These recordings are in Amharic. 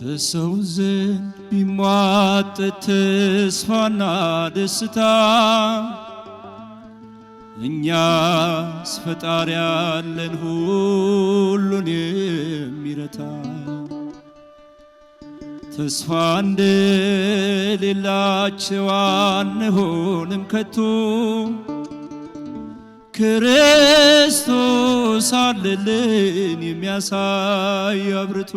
በሰው ዘንድ ቢሟጠት ተስፋና ደስታ እኛስ ፈጣሪ ያለን ሁሉን የሚረታ ተስፋ እንደሌላቸው አንሆንም ከቶ ክርስቶስ አለልን የሚያሳይ አብርቱ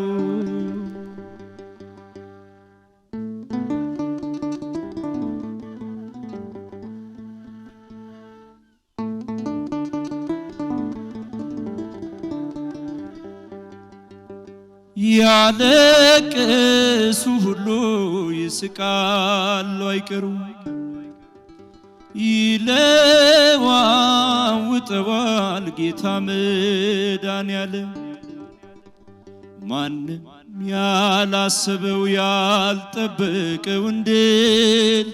ሲያለቅሱ ሁሉ ይስቃሉ አይቀሩ ይለዋውጠዋል ጌታ መዳን ያለ ማንም ያላሰበው ያልጠበቀው እንድል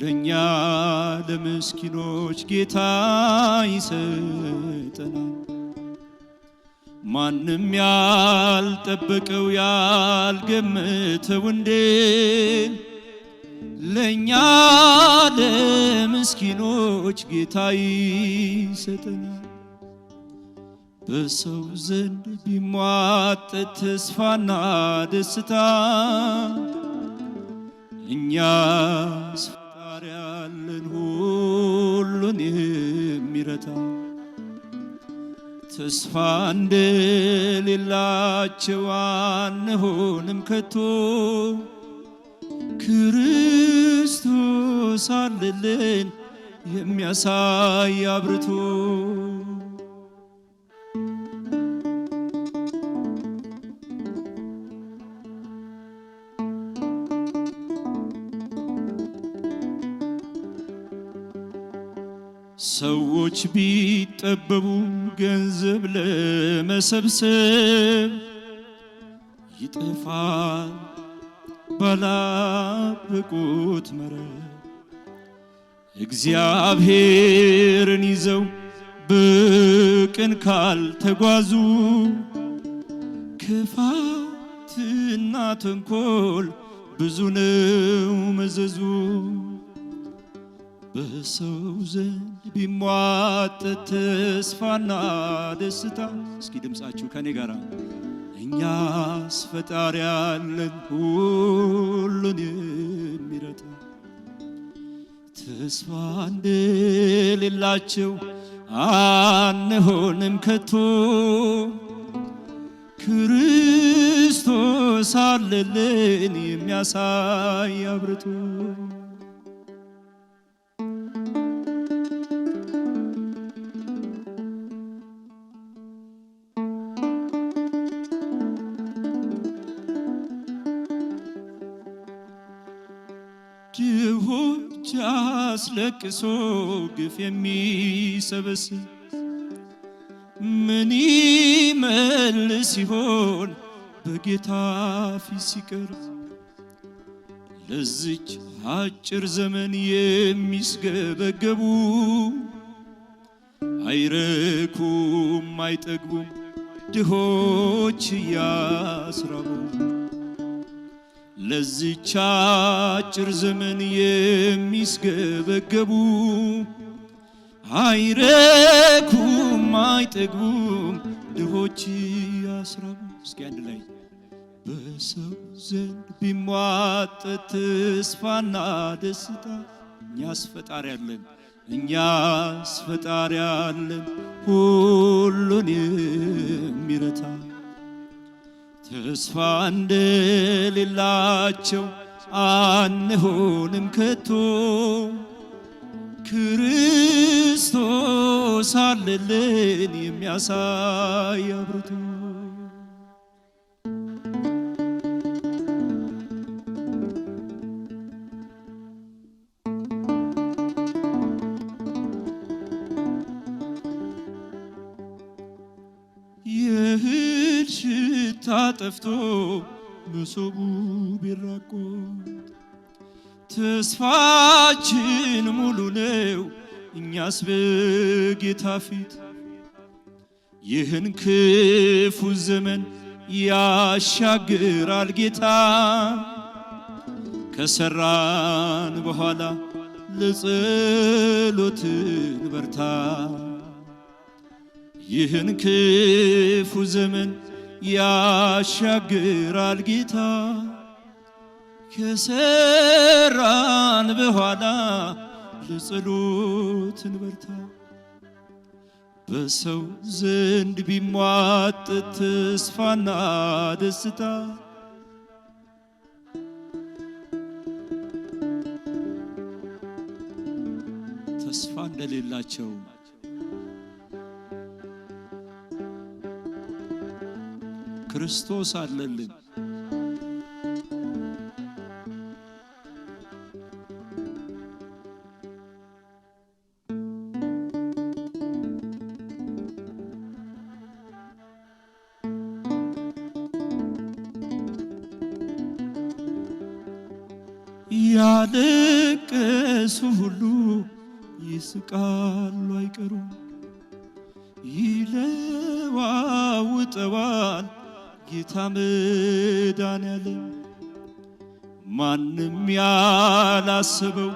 ለእኛ ለምስኪኖች ጌታ ይሰጠናል። ማንም ያልጠበቀው ያልገመተው እንዴ ለእኛ ለምስኪኖች ጌታ ይሰጠናል። በሰው ዘንድ ቢሟጠጥ ተስፋና ደስታ እኛስ ፈጣሪ ያለን ሁሉን የሚረታ ተስፋ እንደሌላቸው አንሆንም ከቶ ክርስቶስ አለልን የሚያሳይ አብርቶ ሰዎች ቢጠበቡ ገንዘብ ለመሰብሰብ ይጠፋል ባላበቁት መረብ እግዚአብሔርን ይዘው በቅን ካልተጓዙ ክፋትና ተንኮል ብዙ ነው መዘዙ በሰው ዘንድ ቢሟጥ ተስፋና ደስታ እስኪ ድምፃችሁ ከኔ ጋር እኛስ ፈጣሪ ያለን ሁሉን የሚረታ ተስፋ እንደሌላቸው አንሆንም ከቶ ክርስቶስ አለልን የሚያሳይ አብርቱ አስለቅሶ ግፍ የሚሰበስብ ምን ይመልስ ሲሆን በጌታ ፊት ሲቀርብ ለዚች አጭር ዘመን የሚስገበገቡ አይረኩም አይጠግቡም ድሆች እያስራቡ ለዚች አጭር ዘመን የሚስገበገቡ አይረኩም አይጠግቡም ድሆች ያስራቡ። እስኪ አንድ ላይ በሰው ዘንድ ቢሟጠት ተስፋና ደስታ እኛስ ፈጣሪ አለን፣ እኛስ ፈጣሪ አለን ሁሉን የሚረታ ተስፋ እንደሌላቸው አንሆንም ከቶ ክርስቶስ አለልን የሚያሳይ አብርቱ ጠፍቶ መሶቡ ቢራቆት ተስፋችን ሙሉ ነው እኛስ በጌታ ፊት ይህን ክፉ ዘመን ያሻግራል ጌታ ከሰራን በኋላ ለጸሎት በርታ ይህን ክፉ ዘመን ያሻግራል ጌታ ከሰራን በኋላ ለጸሎት እንበርታ። በሰው ዘንድ ቢሟጥ ተስፋና ደስታ ተስፋ እንደሌላቸው ክርስቶስ አለልን። ያለቀሱ ሁሉ ይስቃሉ አይቀሩም፣ ይለዋውጠዋል ጌታ መዳን ያለ ማንም ያላስበው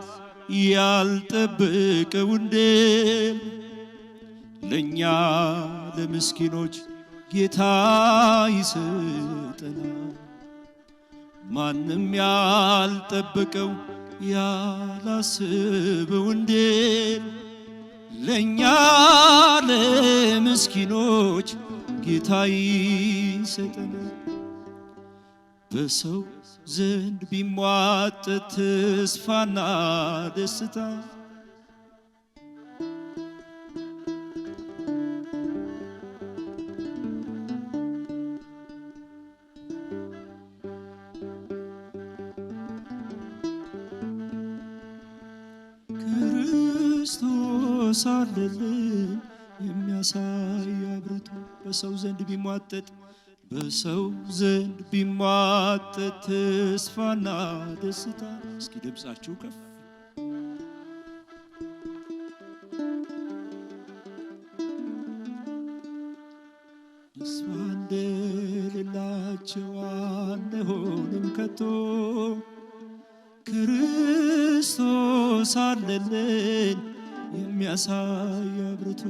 ያልጠበቀው እንደ ለእኛ ለምስኪኖች ጌታ ይሰጠናል። ማንም ያልጠበቀው ያላስበው እንዴ ለእኛ ለምስኪኖች ጌታዬ ሰጠን በሰው ዘንድ ቢሟጠጥ ተስፋና ደስታ ክርስቶስ አለልን የሚያሳ በሰው ዘንድ ቢሟጠጥ በሰው ዘንድ ቢሟጠጥ ተስፋና ደስታ እስኪ ድምፃችሁ ከፍ ተስፋ እንደሌላቸው አንሆንም ከቶ ክርስቶስ አለልን የሚያሳይ አብርቶ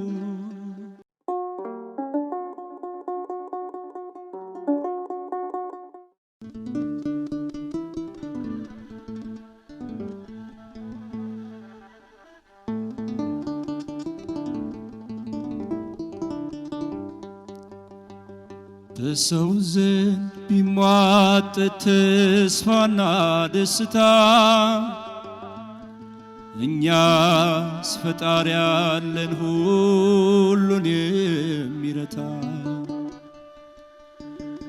በሰው ዘንድ ቢሟጠት ተስፋና ደስታ እኛስ ፈጣሪ ያለን ሁሉን የሚረታ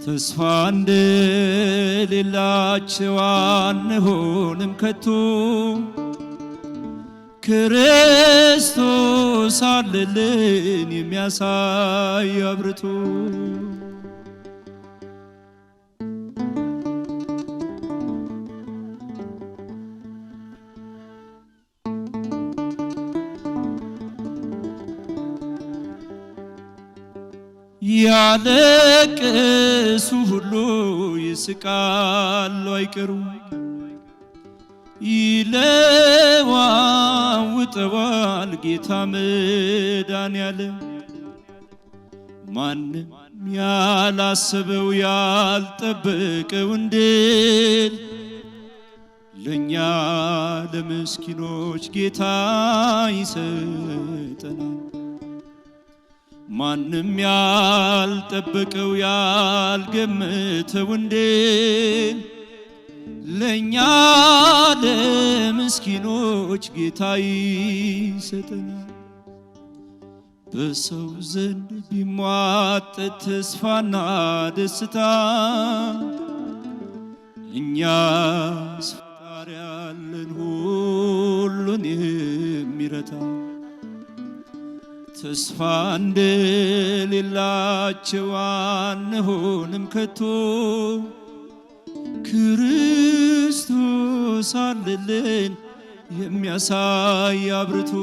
ተስፋ እንደሌላቸው አንሆንም ከቶ ክርስቶስ አለልን የሚያሳይ አብርቱ ሲያለቅሱ ሁሉ ይስቃሉ አይቀሩ ይለዋውጠዋል ጌታ መዳን ያለ ማንም ያላሰበው ያልጠበቀው እንድል ለእኛ ለምስኪኖች ጌታ ይሰጠናል። ማንም ያልጠበቀው ያልገመተው እንዴ ለእኛ ለምስኪኖች ጌታ ይሰጠናል። በሰው ዘንድ ቢሟጠጥ ተስፋና ደስታ እኛስ ፈጣሪ ያለን ሁሉን የሚረታ ተስፋ እንደሌላቸው አንሆንም ከቶ ክርስቶስ አለልን የሚያሳይ አብርቶ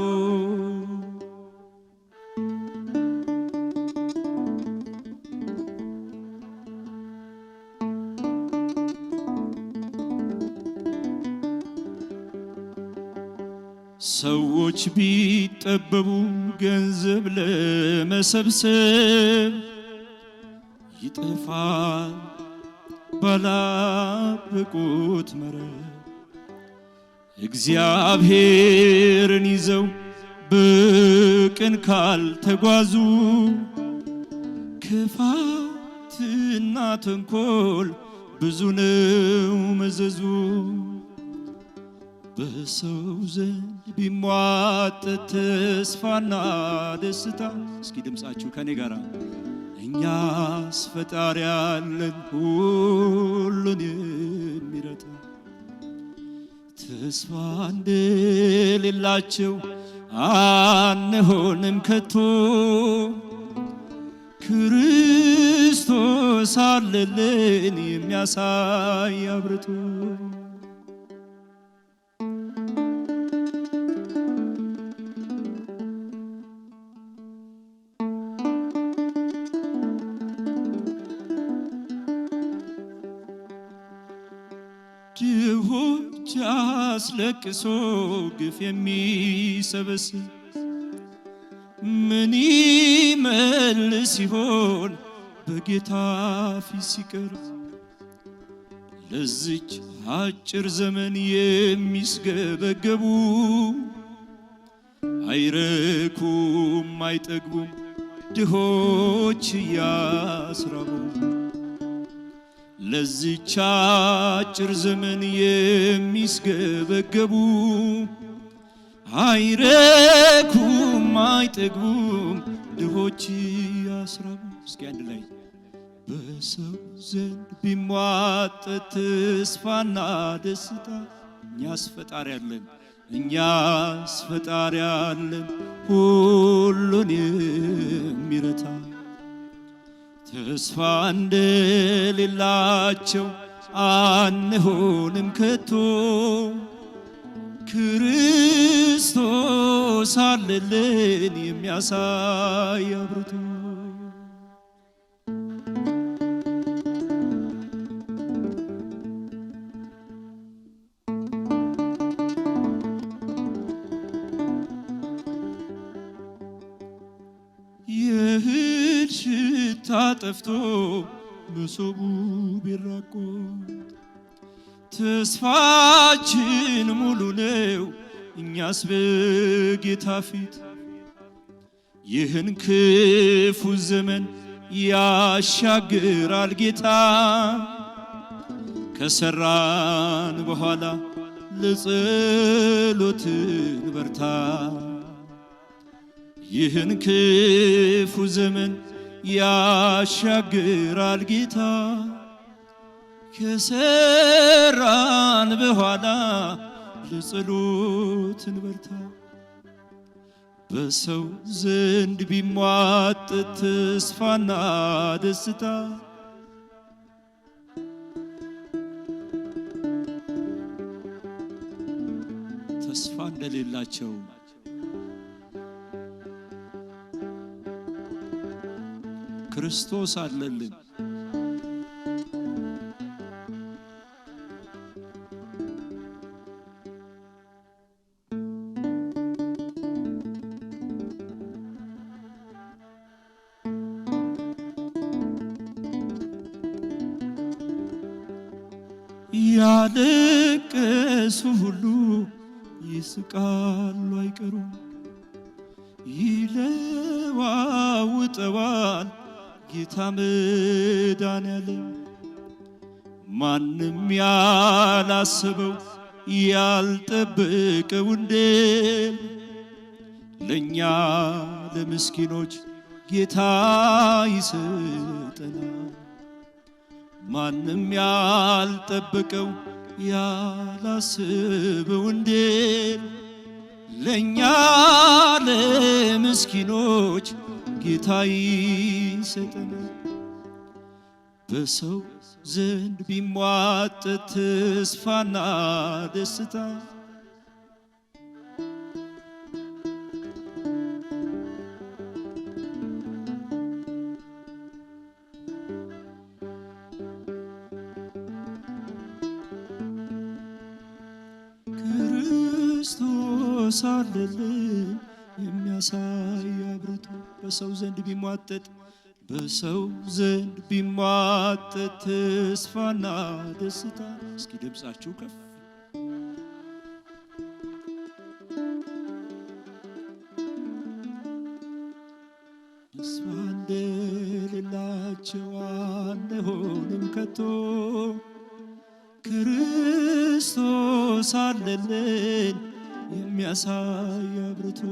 ሰዎች ቢጠበቡ ገንዘብ ለመሰብሰብ ይጠፋል ባላበቁት መረብ እግዚአብሔርን ይዘው በቅን ካልተጓዙ ክፋትና ተንኮል ብዙ ነው መዘዙ በሰው ዘንድ ቢሟጥ ተስፋና ደስታ እስኪ ድምፃችሁ ከኔ ጋር እኛስ ፈጣሪ ያለን ሁሉን የሚረታ ተስፋ እንደሌላቸው አንሆንም ከቶ ክርስቶስ አለልን የሚያሳይ አብርቱ ብቻ አስለቅሶ ግፍ የሚሰበስብ ምን ይመልስ ሲሆን በጌታ ፊት ሲቀርብ ለዚች አጭር ዘመን የሚስገበገቡ አይረኩም አይጠግቡም ድሆች እያስራቡ ለዚች አጭር ዘመን የሚስገበገቡ አይረኩም አይጠግቡም ድሆች ያስራቡ። እስኪ አንድ ላይ በሰው ዘንድ ቢሟጠት ተስፋና ደስታ እኛስ ፈጣሪ አለን፣ እኛስ ፈጣሪ አለን ሁሉን የሚረታ ተስፋ እንደሌላቸው አንሆንም ከቶ ክርስቶስ አለልን የሚያሳይ አብርቱ ጠፍቶ መሶቡ ቢራቆት ተስፋችን ሙሉ ነው እኛስ በጌታ ፊት ይህን ክፉ ዘመን ያሻግራል ጌታ ከሰራን በኋላ ለጸሎት በርታ ይህን ክፉ ዘመን ያሻግራል ጌታ ከሰራን በኋላ ለጸሎት እንበርታ። በሰው ዘንድ ቢሟጥ ተስፋና ደስታ ተስፋ እንደሌላቸው ክርስቶስ አለልን። ያለቀሱ ሁሉ ይስቃሉ አይቀሩም ይለዋውጠዋ ጌታ መዳን ማንም ያላስበው ያልጠበቀው እንዴ ለእኛ ለምስኪኖች ጌታ ይሰጠናል። ማንም ያልጠበቀው ያላስበው እንዴ ለእኛ ለምስኪኖች ጌታይ ይሰጠን በሰው ዘንድ ቢሟጠት ተስፋና ደስታ ክርስቶስ አለልን የሚያሳ በሰው ዘንድ ቢሟጠጥ በሰው ዘንድ ቢሟጠጥ ተስፋና ደስታ እስኪ ድምፃችሁ ከፍ ተስፋ እንደሌላቸው አንሆንም ከቶ ክርስቶስ አለልን የሚያሳይ አብርቶ